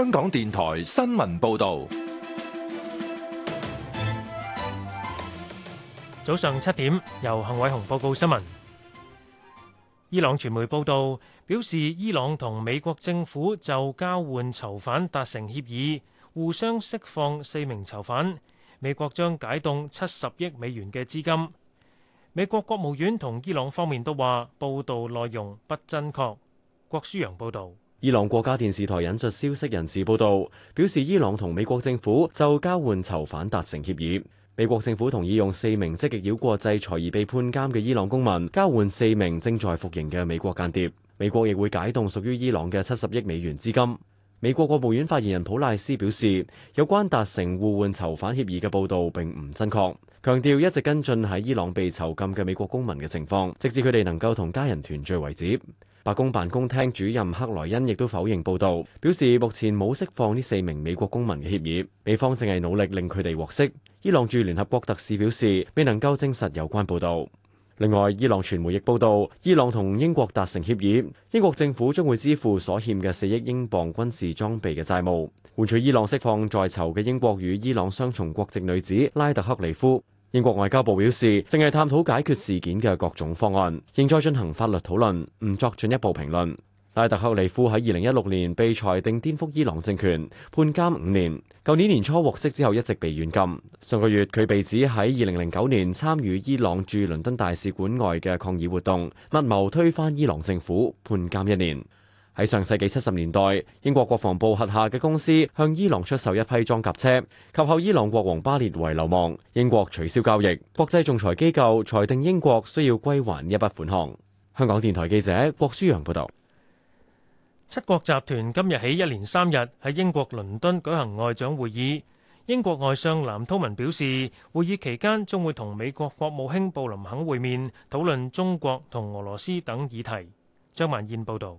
香港電台新聞報道，早上七點由幸偉雄報告新聞。伊朗傳媒報道表示，伊朗同美國政府就交換囚犯達成協議，互相釋放四名囚犯。美國將解凍七十億美元嘅資金。美國國務院同伊朗方面都話報道內容不正確。郭書陽報道。伊朗國家電視台引述消息人士報道，表示伊朗同美國政府就交換囚犯達成協議。美國政府同意用四名積極繞過國際制裁而被判監嘅伊朗公民交換四名正在服刑嘅美國間諜。美國亦會解凍屬於伊朗嘅七十億美元資金。美國國務院發言人普賴斯表示，有關達成互換囚犯協議嘅報導並唔真確，強調一直跟進喺伊朗被囚禁嘅美國公民嘅情況，直至佢哋能夠同家人團聚為止。白宮辦公廳主任克萊恩亦都否認報道，表示目前冇釋放呢四名美國公民嘅協議，美方正係努力令佢哋獲釋。伊朗駐聯合國特使表示，未能夠證實有關報道。另外，伊朗傳媒亦報道，伊朗同英國達成協議，英國政府將會支付所欠嘅四億英鎊軍事裝備嘅債務，換取伊朗釋放在囚嘅英國與伊朗雙重國籍女子拉特克里夫。英國外交部表示，正係探討解決事件嘅各種方案，仍在進行法律討論，唔作進一步評論。拉特克利夫喺二零一六年被裁定顛覆伊朗政權，判監五年。舊年年初獲釋之後一直被軟禁。上個月佢被指喺二零零九年參與伊朗駐倫敦大使館外嘅抗議活動，密謀推翻伊朗政府，判監一年。喺上世紀七十年代，英國國防部轄下嘅公司向伊朗出售一批裝甲車，及後伊朗國王巴列維流亡，英國取消交易。國際仲裁機構裁定英國需要歸還一筆款項。香港電台記者郭舒揚報道。七國集團今日起一連三日喺英國倫敦舉行外長會議，英國外相藍韜文表示，會議期間仲會同美國國務卿布林肯會面，討論中國同俄羅斯等議題。張萬燕報導。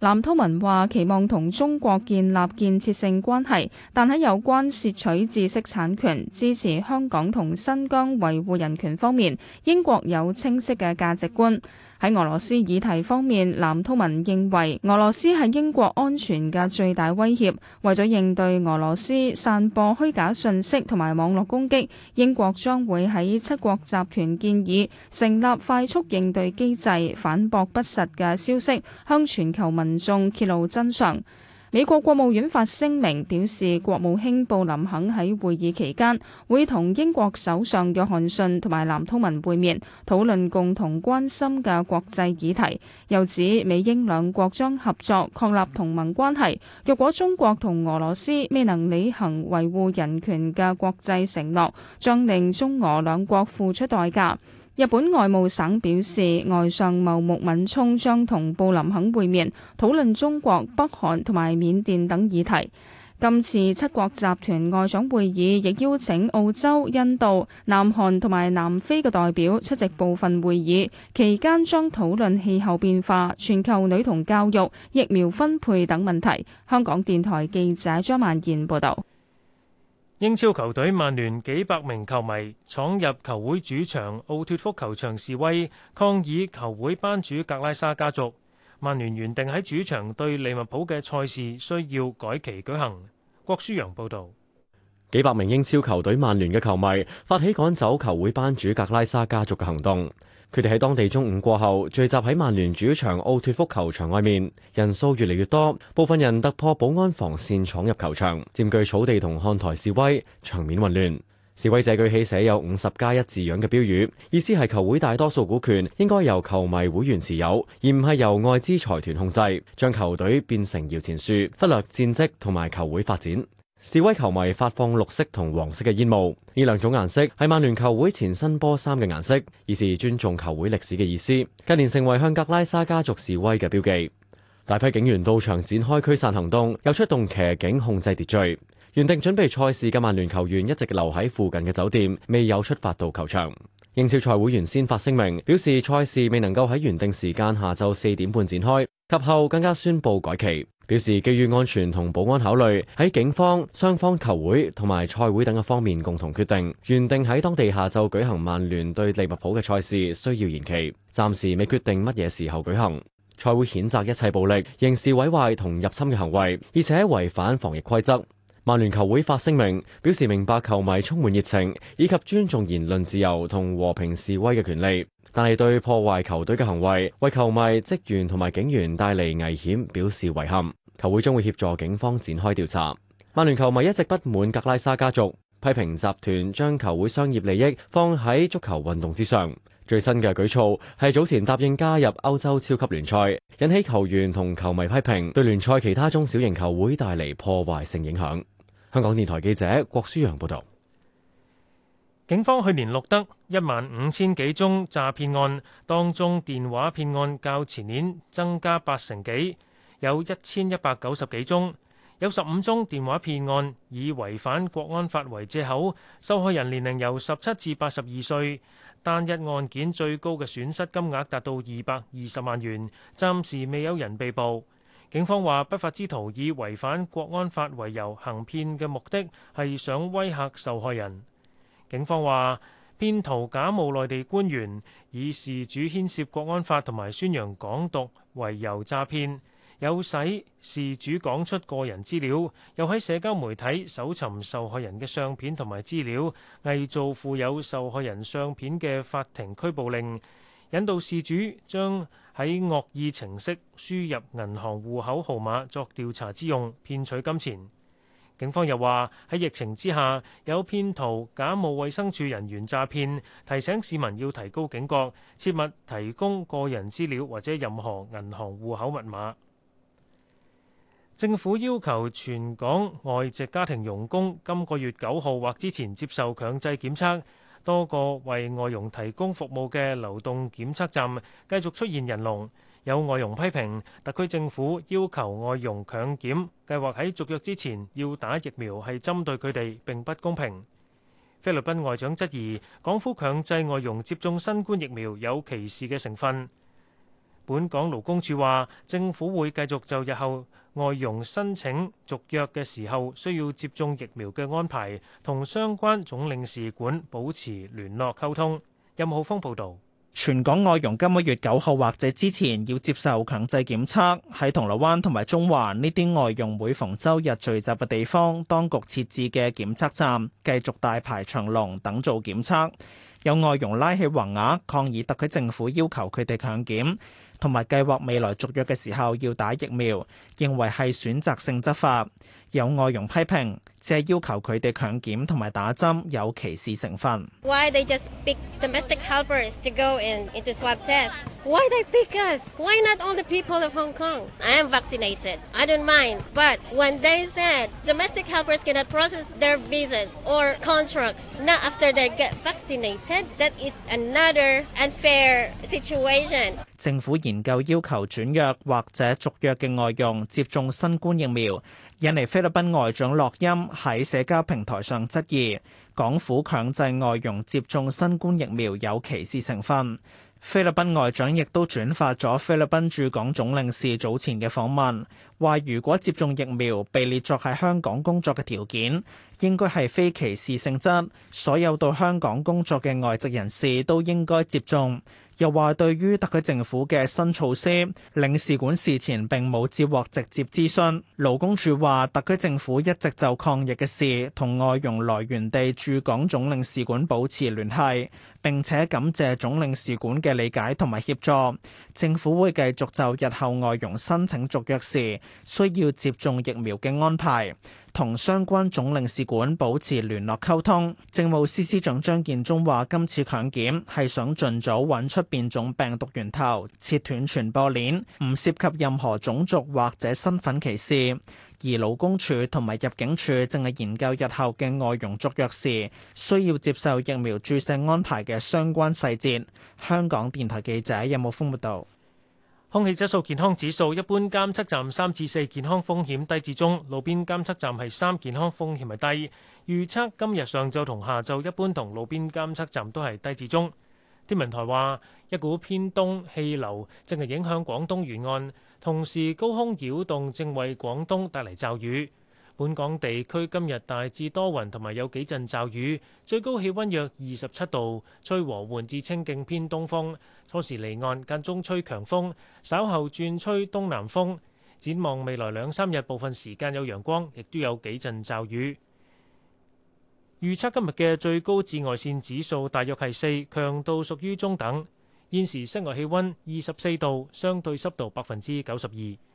藍韜文話期望同中國建立建設性關係，但喺有關竊取知識產權、支持香港同新疆維護人權方面，英國有清晰嘅價值觀。喺俄羅斯議題方面，藍韜文認為俄羅斯係英國安全嘅最大威脅。為咗應對俄羅斯散播虛假信息同埋網絡攻擊，英國將會喺七國集團建議成立快速應對機制，反駁不實嘅消息，向全球民眾揭露真相。美國國務院發聲明表示，國務卿布林肯喺會議期間會同英國首相約翰遜同埋藍韜文會面，討論共同關心嘅國際議題。又指美英兩國將合作確立同盟關係。若果中國同俄羅斯未能履行維護人權嘅國際承諾，將令中俄兩國付出代價。日本外務省表示，外相茂木敏充將同布林肯會面，討論中國、北韓同埋緬甸等議題。今次七國集團外長會議亦邀請澳洲、印度、南韓同埋南非嘅代表出席部分會議，期間將討論氣候變化、全球女童教育、疫苗分配等問題。香港電台記者張曼燕報道。英超球隊曼聯幾百名球迷闖入球會主場奧脱福球場示威，抗議球會班主格拉沙家族。曼聯原定喺主場對利物浦嘅賽事需要改期舉行。郭舒揚報道：幾百名英超球隊曼聯嘅球迷發起趕走球會班主格拉沙家族嘅行動。佢哋喺當地中午過後聚集喺曼聯主場奧脫福球場外面，人數越嚟越多，部分人突破保安防線闖入球場，佔據草地同看台示威，場面混亂。示威者舉起寫有“五十加一”字樣嘅標語，意思係球會大多數股權應該由球迷會員持有，而唔係由外資財團控制，將球隊變成搖錢樹，忽略戰績同埋球會發展。示威球迷發放綠色同黃色嘅煙霧，呢兩種顏色係曼聯球會前身波衫嘅顏色，以示尊重球會歷史嘅意思。近年成為向格拉沙家族示威嘅標記。大批警員到場展開驅散行動，又出動騎警控制秩序。原定準備賽事嘅曼聯球員一直留喺附近嘅酒店，未有出發到球場。英超賽會員先發聲明，表示賽事未能夠喺原定時間下晝四點半展開，及後更加宣布改期。表示基於安全同保安考慮，喺警方、雙方球會同埋賽會等嘅方面共同決定，原定喺當地下晝舉行曼聯對利物浦嘅賽事需要延期，暫時未決定乜嘢時候舉行。賽會譴責一切暴力、刑事毀壞同入侵嘅行為，而且違反防疫規則。曼聯球會發聲明，表示明白球迷充滿熱情以及尊重言論自由同和，和平示威嘅權利，但係對破壞球隊嘅行為，為球迷、職員同埋警員帶嚟危險表示遺憾。球會將會協助警方展開調查。曼聯球迷一直不滿格拉沙家族批評集團將球會商業利益放喺足球運動之上。最新嘅舉措係早前答應加入歐洲超級聯賽，引起球員同球迷批評，對聯賽其他中小型球會帶嚟破壞性影響。香港電台記者郭舒揚報道，警方去年錄得一萬五千幾宗詐騙案，當中電話騙案較前年增加八成幾，有一千一百九十幾宗，有十五宗電話騙案以違反國安法為借口，受害人年齡由十七至八十二歲，單一案件最高嘅損失金額達到二百二十萬元，暫時未有人被捕。警方話：不法之徒以違反國安法為由行騙嘅目的係想威嚇受害人。警方話，騙徒假冒內地官員，以事主牽涉國安法同埋宣揚港獨為由詐騙，誘使事主講出個人資料，又喺社交媒體搜尋受害人嘅相片同埋資料，偽造附有受害人相片嘅法庭拘捕令。引導事主將喺惡意程式輸入銀行戶口號碼作調查之用，騙取金錢。警方又話喺疫情之下，有騙徒假冒衛生署人員詐騙，提醒市民要提高警覺，切勿提供個人資料或者任何銀行戶口密碼。政府要求全港外籍家庭傭工今個月九號或之前接受強制檢測。多個為外傭提供服務嘅流動檢測站繼續出現人龍，有外傭批評特區政府要求外傭強檢，計劃喺續約之前要打疫苗係針對佢哋，並不公平。菲律賓外長質疑港府強制外傭接種新冠疫苗有歧視嘅成分。本港勞工處話，政府會繼續就日後，外傭申請續約嘅時候，需要接種疫苗嘅安排，同相關總領事館保持聯絡溝通。任浩峯報導，全港外傭今個月九號或者之前要接受強制檢測，喺銅鑼灣同埋中環呢啲外傭每逢周日聚集嘅地方，當局設置嘅檢測站繼續大排長龍等做檢測。有外傭拉起橫額抗議特區政府要求佢哋強檢。同埋計劃未來續約嘅時候要打疫苗，認為係選擇性執法。有外傭批評，即係要求佢哋強檢同埋打針有歧視成分政府研究要求轉約或者續約嘅外傭接種新冠疫苗引嚟菲律賓外長諾音喺社交平台上質疑港府強制外佣接種新冠疫苗有歧視成分。菲律賓外長亦都轉發咗菲律賓駐港總領事早前嘅訪問，話如果接種疫苗被列作喺香港工作嘅條件，應該係非歧視性質。所有到香港工作嘅外籍人士都應該接種。又話對於特區政府嘅新措施，領事館事前並冇接獲直接諮詢。勞工處話，特區政府一直就抗疫嘅事同外傭來源地駐港總領事館保持聯繫，並且感謝總領事館嘅理解同埋協助。政府會繼續就日後外傭申請續約時需要接種疫苗嘅安排，同相關總領事館保持聯絡溝通。政務司司長張建宗話：今次強檢係想盡早揾出變種病毒源頭，切斷傳播鏈，唔涉及任何種族或者身份歧視。而勞工處同埋入境處正係研究日後嘅外傭續約時，需要接受疫苗注射安排嘅相關細節。香港電台記者任慕峯報道。空氣質素健康指數一般監測站三至四，健康風險低至中；路邊監測站係三，健康風險係低。預測今日上晝同下晝，一般同路邊監測站都係低至中。天文台話，一股偏東氣流正係影響廣東沿岸，同時高空擾動正為廣東帶嚟驟雨。本港地區今日大致多雲同埋有幾陣驟雨，最高氣溫約二十七度，吹和緩至清勁偏東風。初時離岸間中吹強風，稍後轉吹東南風。展望未來兩三日，部分時間有陽光，亦都有幾陣驟雨。預測今日嘅最高紫外線指數大約係四，強度屬於中等。現時室外氣温二十四度，相對濕度百分之九十二。